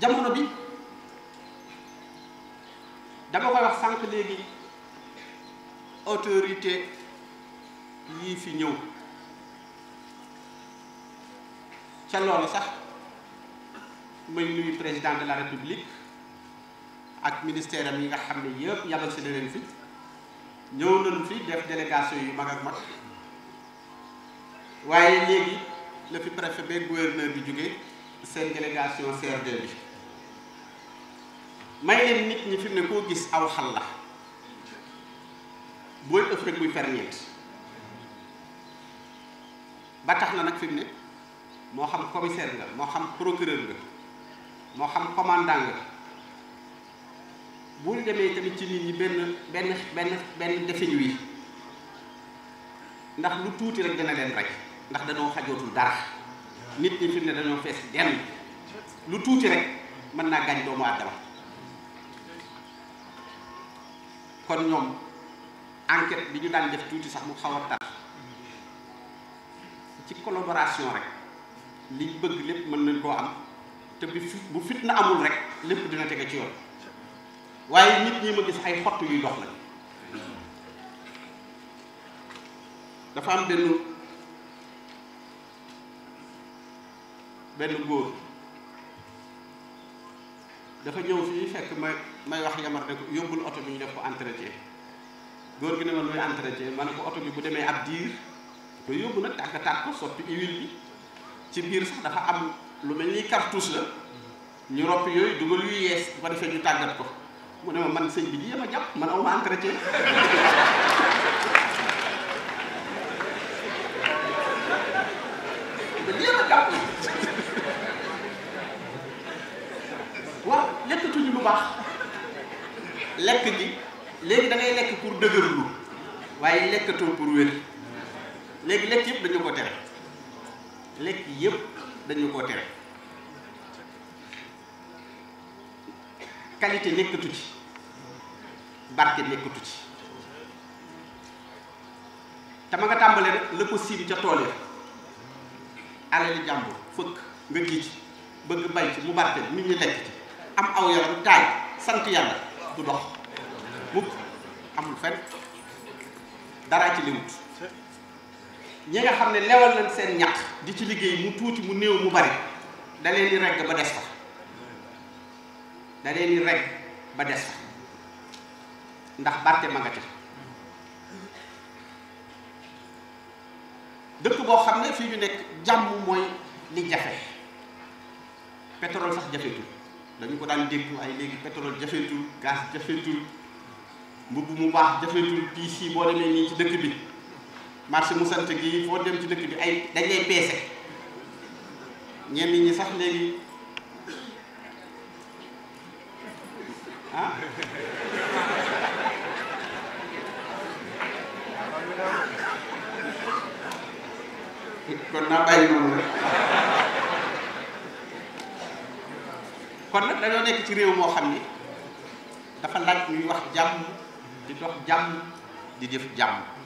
jamono bi dama koy wax sànq léegi autorité yii fi ñëw ca loolu sax may nuyu président de la république ak ministère yi nga xam ne yëpp yabal si leen fi ñëw nañu fi def délégation yu mag waaye léegi la fi préfet ba gouverneur bi jóge seen délégation CRD bi may leen nit ñi fi mu ne koo gis aw xal la booy ëf rek muy ferñeent ba tax na nag fi mu ne moo xam commissaire nga moo xam procureur nga moo xam commandant nga bu ñu demee tamit ci nit ñi benn benn benn benn defin wi ndax lu tuuti rek dina leen rey ndax dañoo xajootul dara nit ñi fi ne dañoo fees denn lu tuuti rek mën naa gaañ doomu aadama kon ñoom enquête bi ñu daan def tuuti sax mu xaw a ci collaboration rek liñ bëgg lépp mën nañ koo am te bi bu na amul rek lépp dina tege ci yoon waaye nit ñi ma gis ay xott yuy dox la dafa am benn benn góor dafa ñëw fii fekk may may wax yamar ne ko yóbbul oto bi ñu def ko entretien góor gi ne ma luy entretien ma ne ko oto bi bu demee ab diir lu yóbbu nag tàgg tàgg ko soppi huile bi ci biir sax dafa am lu mel ni cartouche la ñu roppi yooyu dugal yu yees bu ko defee ñu tàggat ko mu ne ma man sëñ bi lii ma jàpp man aw ma entretien baax lekk léegi da lekk pour dëgërlu waaye lekkatoo pour léegi lekk yëpp dañu ko yëpp dañu ko qualité nekkatu ci barke nekkatu ci te ma nga tàmbalee rek la ko siibi ca tool yi alali jàmbur fëkk nga ji ci bëgg bay ci mu barke nit ñi lekk ci am aw yaram daal sant yàlla du dox mukk amul fenn dara ci liwut ñi nga xam lewal nañ seen ñaq di ci liggéey mu tuuti mu néew mu bari da leen di regg ba des fa da leen di regg ba des fa ndax barke ma nga ca dëkk boo xam ne ñu nekk jàmm mooy li jafe pétrole sax jafetul dañu ko daan dégg waaye léegi pétrole jafetul gaz jafetul mbubb mu baax jafetul piis yi boo demee nii ci dëkk bi marché mu sant gi foo dem ci dëkk bi ay dañ lay peese ñenn ñi sax léegi ah kon naa bàyyi noonu rek kon nag dañoo nekk ci réew moo xam ni dafa laaj ñuy wax jàmm di dox jàmm di def jàmm